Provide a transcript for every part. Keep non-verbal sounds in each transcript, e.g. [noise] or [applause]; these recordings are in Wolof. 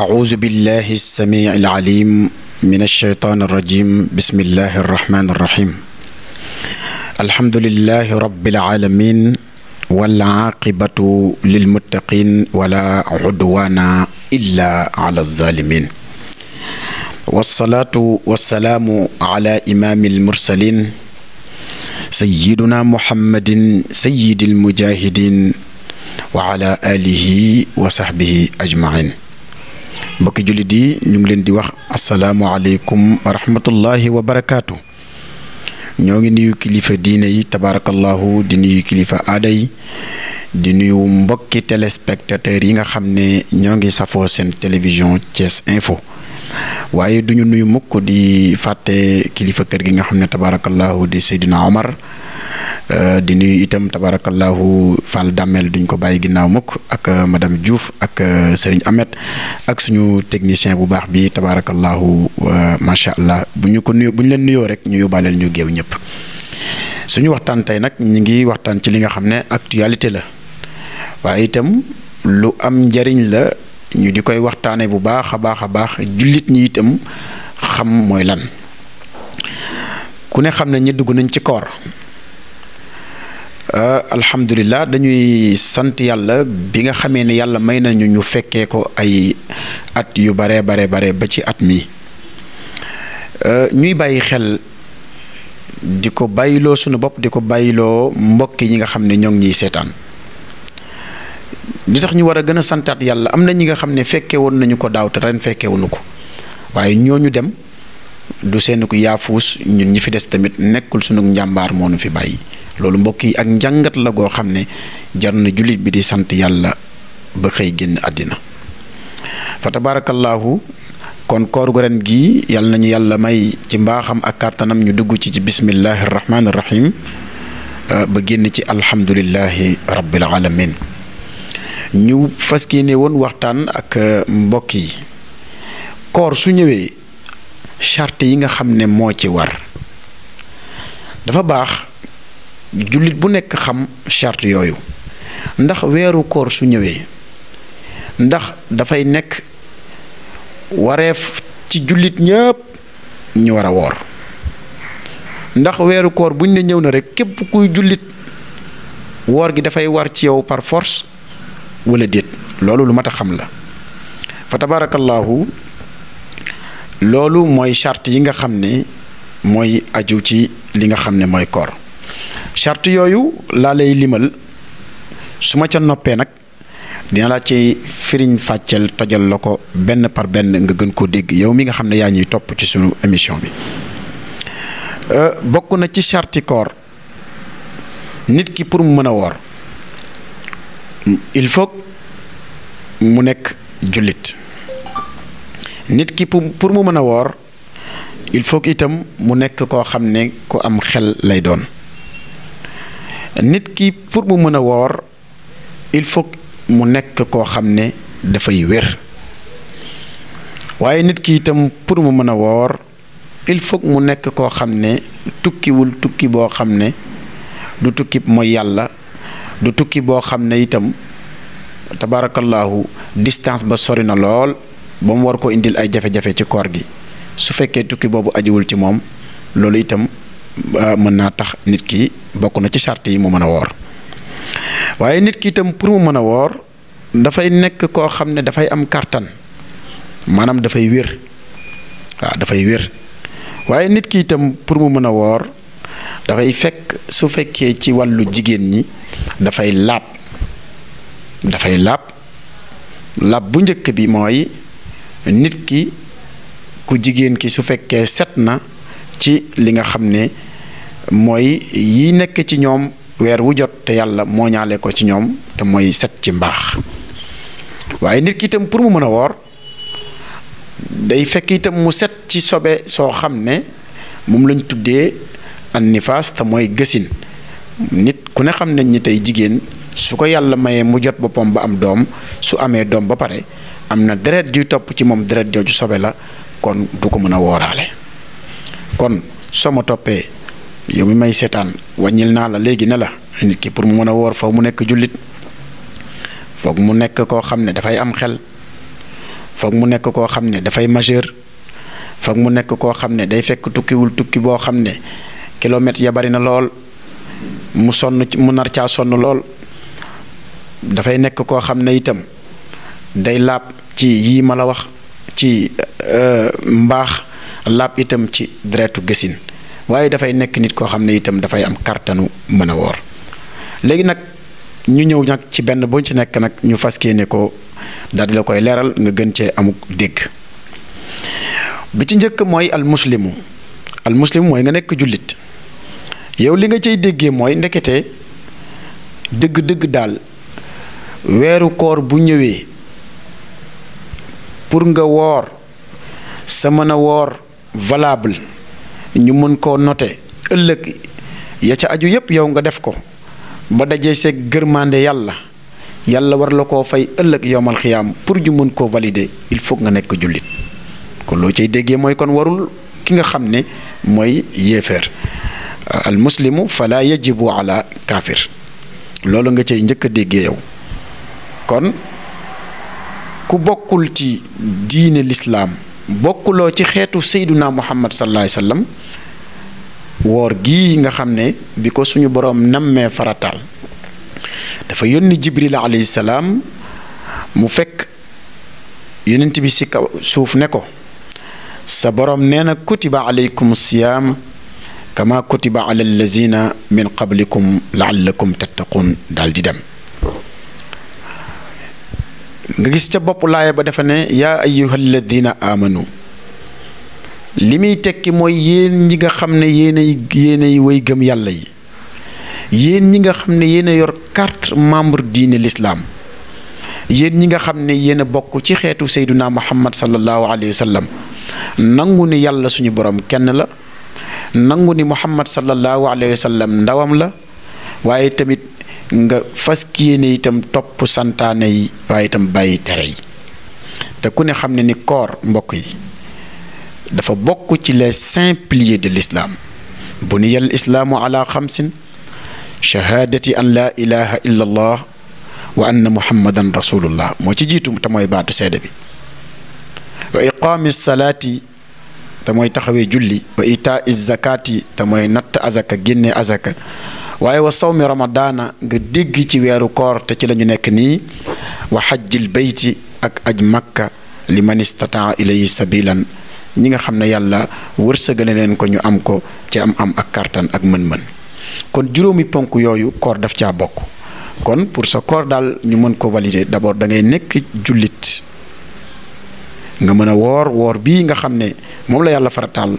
أعوذ بالله السميع العليم من الشيطان الرجيم بسم الله الرحمن الرحيم الحمد لله رب العالمين والعاقبة للمتقين ولا عدوان إلا على الظالمين والصلاة والسلام على إمام المرسلين سيدنا محمد سيد المجاهدين وعلى آله وصحبه أجمعين mbokki jullit yi ñu ngi leen di wax asalaamualeykum wa rahmatullahi wa barakaatu ñoo ngi nuyu kilifa diine yi tabaarakallahu di nuyu kilifa aada yi di nuyu mbokki téléspectateurs yi nga xam ne ñoo ngi safoo seen télévision Thiès Info waaye duñu nuyu mukk di fàtte kilifa kër gi nga xam ne tabaarakallahu di Seydina Omar Euh, di nuyu itam tabarakallahu Fall Damel duñ ko bàyyi ginnaaw mukk ak euh, madam Diouf ak euh, Serigne Ahmed ak suñu technicien bu baax bi tabarakallahu macha allah bu ñu ko nuyoo bu ñu leen nuyoo rek ñu yóbbaaleel ñu géew ñëpp suñu waxtaan tey nag ñu ngi waxtaan ci li nga xam ne actualité la waaye itam lu am njariñ la ñu di koy waxtaanee bu baax a baax a baax jullit ñi itam xam mooy lan ku ne xam ne ñi dugg nañ ci koor Euh, alhamdulilah dañuy sant yàlla bi nga xamee ne yàlla may nañu ñu fekkee ko ay at yu bare bare bare ba ci at mi euh, ñuy bàyyi xel di ko bàyyiloo sunu bopp di ko bàyyiloo mbokk yi nga xam ne ñoo ngi ñuy seetaan li tax ñu war a gën a santaat yàlla am na ñi nga xam ne fekke woon nañu ko daaw te ren fekkewunu ko waaye ñooñu dem. du seen ku yaafuus ñun ñi fi des tamit nekkul sunu njàmbaar moo nu fi bàyyi loolu mbokk yi ak njàngat la goo xam ne jar na jullit bi di sant yàlla ba xëy génn àddina fa tabaarakallaahu kon koor gu ren gii yàlla nañu yàlla may ci mbaaxam ak kàttanam ñu dugg ci ci bismillaahi rahmaani rahim euh, ba génn ci alhamdulillahi rabbil alamin ñu fas yéene waxtaan ak euh, mbokk yi koor su ñëwee charte yi nga xam ne moo ci war dafa baax jullit bu nekk xam charte yooyu ndax weeru koor su ñëwee ndax dafay nekk wareef ci jullit ñépp ñu war a woor ndax weeru koor buñ ne ñëw na rekk képp kuy jullit woor gi dafay war ci yow par force walla déet loolu lu mat a xam la fa tabaarakallaahu loolu mooy charte yi nga xam ne mooy aju ci li nga xam ne mooy koor charte yooyu laa lay limal su ma ca noppee nag dina la ci firiñ fàcceel tojal la ko benn par benn nga gën koo dégg yow mi nga xam ne yaa ñuy topp ci sunu émission bi euh, bokk na ci charti koor nit ki pour mu mën a woor il faut mu nekk jullit nit ki pour mu mën a woor il faut itam mu nekk koo xam ne ku am xel lay doon nit ki pour mu mën a woor il faut mu nekk koo xam ne dafay wér waaye nit ki itam pour mu mën a woor il mu nekk koo xam ne tukkiwul tukki boo xam ne du tukki mooy yàlla du tukki boo xam ne itam tabaarakallaahu distance ba sori na lool ba mu war ko indil ay jafe-jafe ci koor gi su fekkee tukki boobu ajiwul ci moom loolu itam mën naa tax nit ki bokk na ci sart yi mu mën a woor waaye nit ki itam pour mu mën a woor dafay nekk koo xam ne dafay am kàttan maanaam dafay wér waaw dafay wér waaye nit ki itam pour mu mën a woor dafay fekk su fekkee ci wàllu jigéen ñi dafay laab dafay laab laab bu njëkk bi mooy nit ki ku jigéen ki su fekkee set na ci li nga xam ne mooy yi nekk ci ñoom weer wu jot te yàlla mooñaale ko ci ñoom te mooy set ci mbaax waaye nit ki itam pour mu mën a woor day fekk itam mu set ci sobe soo xam ne moom lañ tuddee an nifaas te mooy gësin nit ku ne xam nañ ni tey jigéen su ko yàlla mayee mu jot boppam ba am doom su amee doom ba pare am na deret juy topp ci moom deret jooju sobe la kon du ko mën a wooraale kon soo ma toppee yow mi may seetaan wàññil naa la léegi ne la nit ki pour mu mën a woor foog mu nekk jullit foog mu nekk koo xam ne dafay am xel foog mu nekk koo xam ne dafay majeur foog mu nekk koo xam ne day fekk tukkiwul tukki boo xam ne kilomètres ya bari na lool mu sonn mu nar caa sonn lool dafay nekk koo xam ne itam. day laab ci yii ma la wax ci euh, mbaax laab itam ci deretu gësin waaye dafay nekk nit koo xam ne itam dafay am kartanu mën a woor léegi nag ñu ñëw nag ci benn bu ci nekk nag ñu fas ne ko daal la koy leeral nga gën cee amuk dégg bi ci njëkk mooy al muslimu mooy nga nekk jullit yow li nga cay déggee mooy ndekete dëgg-dëgg daal weeru koor bu ñëwee pour nga woor sa mën a woor valable ñu mën koo note ëllëg ya ca aju yépp yow nga def ko ba dajee see gërmande yàlla yàlla war la koo fay ëllëg yowmal xiyaam pour ñu mën koo valider il faut nga nekk jullit kon loo ciy déggee mooy kon warul ki nga xam ne mooy yéeféer al muslimu fala yajibu ala kaafir loolu nga cay njëkk a déggee yow kon ku bokkul ci diine lislaam bokkuloo ci xeetu seyduna muhammad sallallahu alayhi wasallam woor gi nga xam ne bi ko suñu boroom nammee farataal dafa yónni jibril alayhi salaam mu fekk yonent bi ci kaw suuf ne ko sa boroom nee na kutiba alaykum siyaam kama kutiba ala allazina min qablikum laallakum tattaqun dal di dem nga gis ca bopp laaya ba dafa ne yaa ayyuhalladina amanu li muy tekki mooy yéen ñi nga xam ne yéenay yéenay way gëm yàlla yi yéen ñi nga xam ne yéen a yor carte membre diine lislaam yéen ñi nga xam ne yéen bokk ci xeetu sayduna muhammad sallallahu alayhi wa sallam nangu ni yàlla suñu boroom kenn la nangu ni muhammad sallallahu alayhi wa sallam ndawam la waaye tamit nga fas yéene itam topp santaane yi waaye itam bàyyi tere yi te ku ne xam ne ni koor mbokk yi dafa bokk ci les cinq piliers de l'islam buniya al islaamu ala xamsin shahaadati an laa ilaha illa wa anna muhammadan rasulullah moo ci jiitu te mooy baatu seede bi wa iqaami salaati te mooy taxawee julli wa itaa zakaati te mooy natt azaka génne azaka waaye wa sawmi ramadaana nga dégg ci weeru koor te ci lañu nekk nii wa xajjil bayti ak aj makka li man istataa ilayhi sabilan ñi nga xam ne yàlla wërsëgale neen ko ñu am ko ci am am ak kartan ak mën-mën kon juróomi ponk yooyu koor daf caa bokk kon pour sa koor daal ñu mën ko valider d'abord da ngay nekk jullit nga mën a woor woor bi nga xam ne moom la yàlla farataal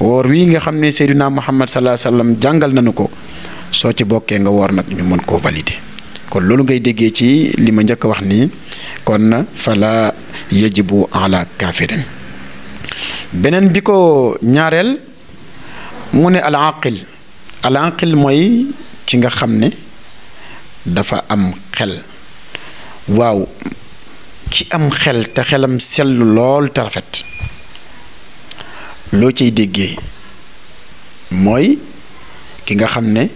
woor wii nga xam ne Seydina Muhammad salaa sallam jàngal nañu ko soo ci bokkee nga woor nag ñu mën koo valider kon loolu ngay déggee ci li ma njëkk wax nii kon fala yajibu ala kafirin beneen bi ko ñaareel mu ne al aqil al mooy ki nga xam ne dafa am xel waaw ki am xel te xelam sell lool te rafet loo ciy déggee mooy ki nga xam ne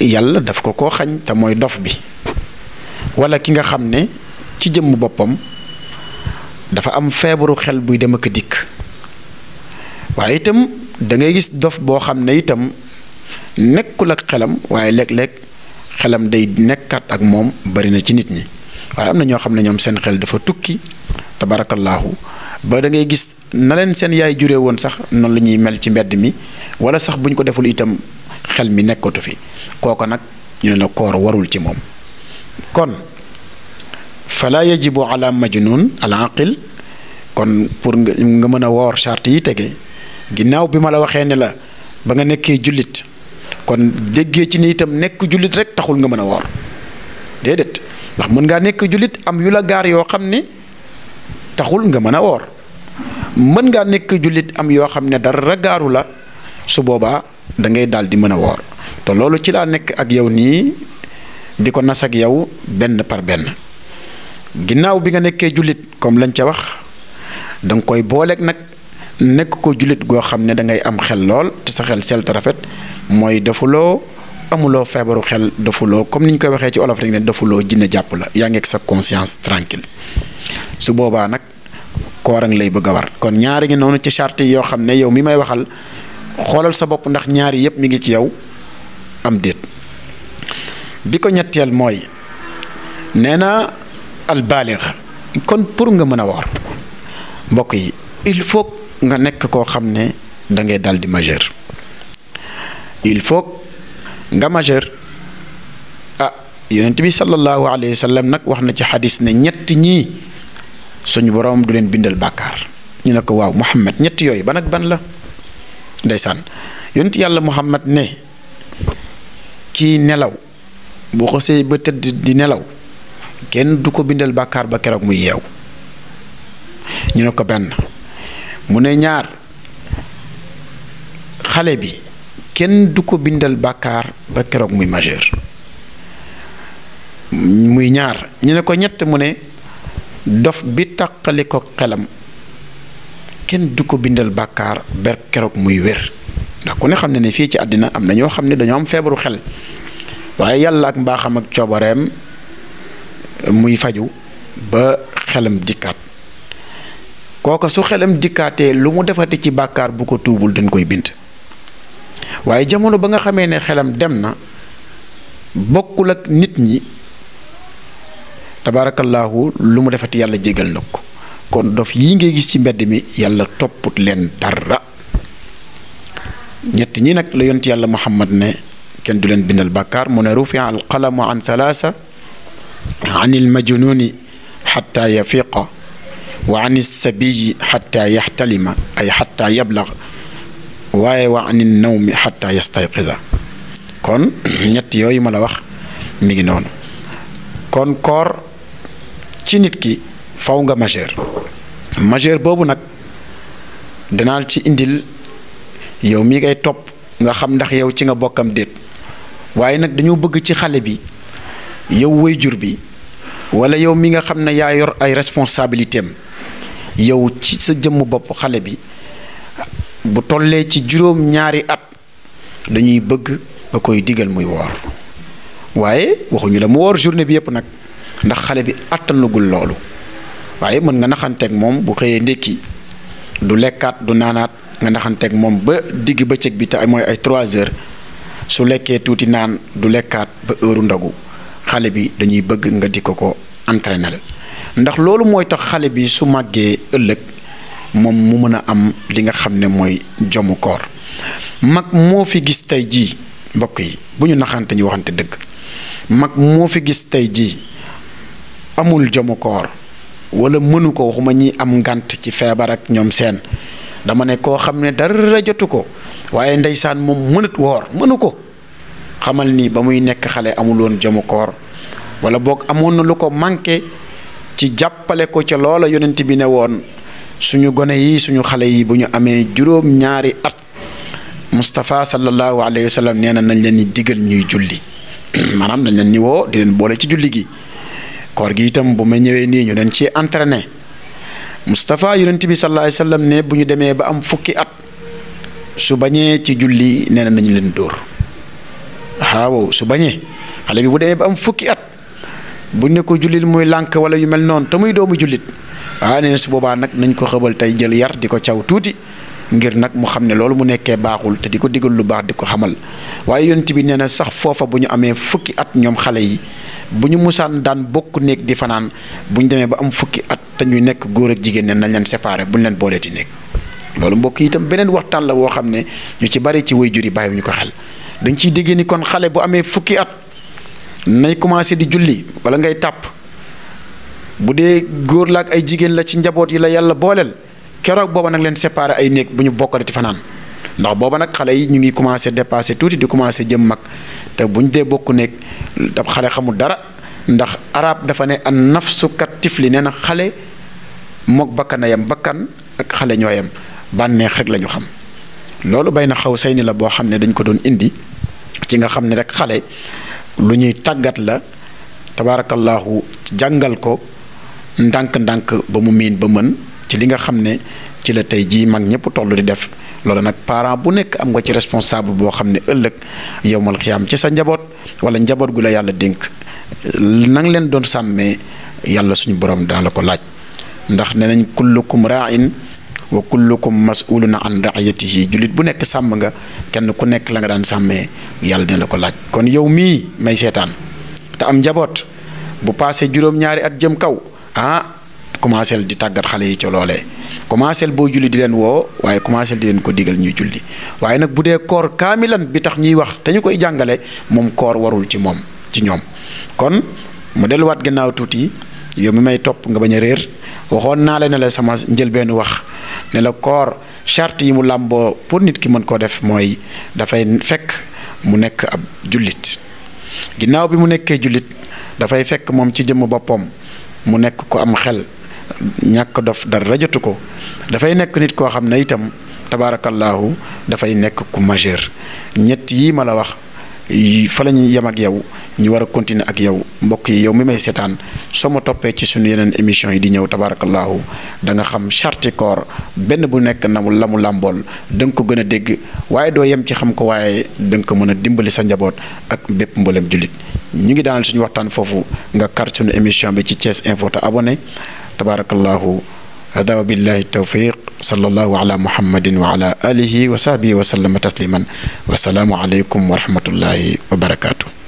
yàlla daf ko koo xañ te mooy dof bi wala ki nga xam ne ci jëmm boppam dafa am feebaru xel buy dem ak dikk waaye itam dangay gis dof boo xam ne itam nekkul ak xelam waaye léeg-léeg xelam day nekkaat ak moom bari na ci nit ñi waaye am na ñoo xam ne ñoom seen xel dafa tukki tabarakallaahu ba da gis na leen seen yaay jure woon sax noonu la ñuy mel ci mbedd mi wala sax bu ñu ko deful itam xel mi nekkatu fi kooko nag ñu ne la koor warul ci moom kon fala yajibu ala majnun al aqil kon pour nga mën a woor charte yi tege ginnaaw bi ma la waxee ne la ba nga nekkee jullit kon déggee ci ni itam nekk jullit rek taxul nga mën a woor déedéet ndax mën ngaa nekk jullit am yu la gaar yoo xam ne taxul nga mën a woor mën ngaa nekk jullit am yoo xam ne dara gaaru la su boobaa da ngay daal di mën a woor te loolu ci laa nekk ak yow nii di ko nas ak yow benn par benn ginnaaw bi nga nekkee jullit comme lañ ca wax da koy booleek nag nekk ko jullit goo xam ne da ngay am xel lool te sa xel sel rafet mooy defuloo amuloo feebaru xel defuloo comme ni ñu koy waxee ci olof rek ne defuloo jinne jàpp la yaa ngi ak sa conscience tranquille su boobaa nag. koor lay bëgg a war kon ñaari ngi noonu ci charte yi yoo xam ne yow mi may waxal xoolal sa bopp ndax ñaari yépp mi ngi ci yow am déet bi ko ñetteel mooy nee na albaalix kon pour nga mën a woor mbokk yi il faut nga nekk koo xam ne dangay ngay dal di majeur il faut nga majeur ah yonent bi sallallahu alayhi wa sallam nag wax na ci xadis ne ñett ñii suñu borom du leen bindal bàkkaar ñu ne ko waaw Muhammad ñett yooyu ban ak ban la ndeysaan yonent yàlla Muhammad ne kii nelaw boo xasee ba tëdd di nelaw kenn du ko bindal bàkkaar ba keroog muy yeew ñu ne ko benn mu ne ñaar xale bi kenn du ko bindal bàkkaar ba keroog muy majeur muy ñaar ñu ne ko ñett mu ne dof bi taqali ko xelam kenn du ko bindal bàkkaar ber keroog muy wér ndax ku ne xam ne ne fii ci àddina am na ñoo xam ne dañoo am feebaru xel waaye yàlla ak mbaaxam ak coobareem muy faju ba xelam dikkaat kooka su xelam dikkaatee lu mu defate ci bàkkaar bu ko tuubul dañ koy bind waaye jamono ba nga xamee ne xelam dem na bokkul ak nit ñi tabaarakallaahu lu mu defat yàlla jegal na ko kon dof yi ngay gis ci mbedd mi yàlla topput leen dara ñett ñi nag la yont yàlla muhammad ne kenn du leen bindal bakkar mu ne rufia al qalamu an salaasa an il majnuni xatta yafiqa wa an sabiyi xatta yaxtalima ay xatta yablax waaye wa an il nawmi xatta yastayqisa kon ñett yooyu ma la wax mi ngi noonu kon koor ci nit ki faw nga majeur majeur boobu nag danaal ci indil yow mi ngay topp nga xam ndax yow ci nga bokkam déet waaye nag dañoo bëgg ci xale bi yow wayjur bi wala yow mi nga xam ne yaa yor ay responsabilité yow ci sa jëmm bopp xale bi bu tollee ci juróom ñaari at dañuy bëgg nga koy diggal muy woor waaye waxuñu la mu woor journée bi yépp nag ndax xale bi attanagul loolu waaye mën nga naxanteeg moom bu xëyee ndékki du lekkaat du naanaat nga naxanteeg moom ba digg ba bëccëg bi te mooy ay trois heures su lekkee tuuti naan du lekkaat ba heure ndogu xale bi dañuy bëgg nga di ko ko entraîner ndax loolu mooy tax xale bi su màggee ëllëg moom mu mën a am li nga xam ne mooy jomu koor mag moo fi gis tey jii mbokk yi bu ñu naxante ñu waxante dëgg mag moo fi gis tey jii amul jommukoor koor wala mënu ko waxuma ñii am ngànt ci feebar ak ñoom seen dama ne koo xam ne dara jotu ko waaye ndeysaan moom mënut woor mënu ko xamal nii ba muy nekk xale amul woon jomu wala boog amoon na lu ko manqué ci jàppale ko ci loola yonent bi ne woon suñu gone yi suñu xale yi bu ñu amee juróom ñaari at Moustapha sallallahu alayhi wa sallam nee na nañ leen di digal ñuy julli [clears throat] maanaam nañ leen ni woo di leen boole ci julli gi. koor gi itam bu ma ñëwee nii ñu leen ci entraîné Moustapha yonent bi sallallahu alayhi ne bu ñu demee ba am fukki at su bañee ci julli nee nañu leen dóor waaw su bañee xale bi bu demee ba am fukki at bu ne ko jullil muy lànk wala yu mel noonu te muy doomu jullit ah nee su boobaa nag nañ ko xëbal tey jël yar di ko caw tuuti ngir nag mu xam ne loolu mu nekkee baaxul te di ko digal lu baax di ko xamal waaye yonent bi nee na sax foofa bu ñu amee fukki at ñoom xale yi. bu ñu musaan daan bokk néeg di fanaan bu ñu demee ba am fukki at te ñuy nekk góor ak jigéen ne nañ leen séparé bu ñu leen booleeti néeg loolu mbokk yi itam beneen waxtaan la woo xam ne ñu ci bari ci way jur yi ñu ko xel dañ ciy déggee ni kon xale bu amee fukki at nay commencé di julli wala ngay tàpp bu dee góor la ak ay jigéen la ci njaboot yi la yàlla booleel keroog booba nag leen séparé ay néeg bu ñu bokkati fanaan. ndax booba nag xale yi ñu ngi commencé dépassé tuuti di commencé jëm mag te bu ñu dee bokk nekk daf xale xamul dara ndax araab dafa ne an nafsukat tifli nee na xale moog bakkan yam bakkan ak xale ñoo yem bànneex rek la ñu xam loolu bay na xaw say ni la boo xam ne dañ ko doon indi ci nga xam ne rek xale lu ñuy tàggat la tabaarakallaahu jàngal ko ndànk-ndànk ba mu miin ba mën ci li nga xam ne ci la tey jii mag ñëpp toll di def loolu nag parent bu nekk am nga ci responsable boo xam ne ëllëg yowmal xiyaam ci sa njaboot wala njaboot gu la yàlla dénk nang leen doon sàmmee yàlla suñu borom dana la ko laaj ndax ne nañ kullukum ra'in wa kullukum am an ra'iyatihi jullit bu nekk sàmm nga kenn ku nekk la nga daan sàmmee yàlla dina la ko laaj kon yow mii may seetaan te am njaboot bu paasee juróom-ñaari at jëm kaw ah commencé di tàggat xale yi ca loolee commencé boo julli di leen woo waaye commencé di leen ko digal ñuy julli waaye nag bu dee koor kaamilan bi tax ñuy wax te ñu koy jàngale moom koor warul ci moom ci ñoom kon mu delluwaat gannaaw tuuti yow mi may topp nga bañ a réer waxoon naa la ne la sama njëlbeenu wax ne la koor charte yi mu làmboo pour nit ki mën koo def mooy dafay fekk mu nekk ab jullit ginnaaw bi mu nekkee jullit dafay fekk moom ci jëmm boppam mu nekk ko am xel ñàkk dof dara jotu ko dafay nekk nit koo xam ne itam tabaarakallaahu dafay nekk ku majeur ñett yii ma la wax fa la ñuy yem ak yow ñu war a continuer ak yow mbokk yi yow mi may seetaan soo ma toppee ci suñu yeneen émission yi di ñëw tabaarakallaahu da nga xam charti koor benn bu nekk na mu la mu làmbool da nga ko gën a dégg waaye doo yam ci xam ko waaye da nga ko mën a dimbali sa njaboot ak bépp mboolem jullit ñu ngi daanal suñu waxtaan foofu nga kar suñu émission bi ci Thiès Info te tabaarakallaahu hada wa billahi tawfiq sallallahu ala muhammadin wa ala alihi wa sahbihi wa sallama tasliman wasalaamu aleykum wa rahmatullahi wa barakaatu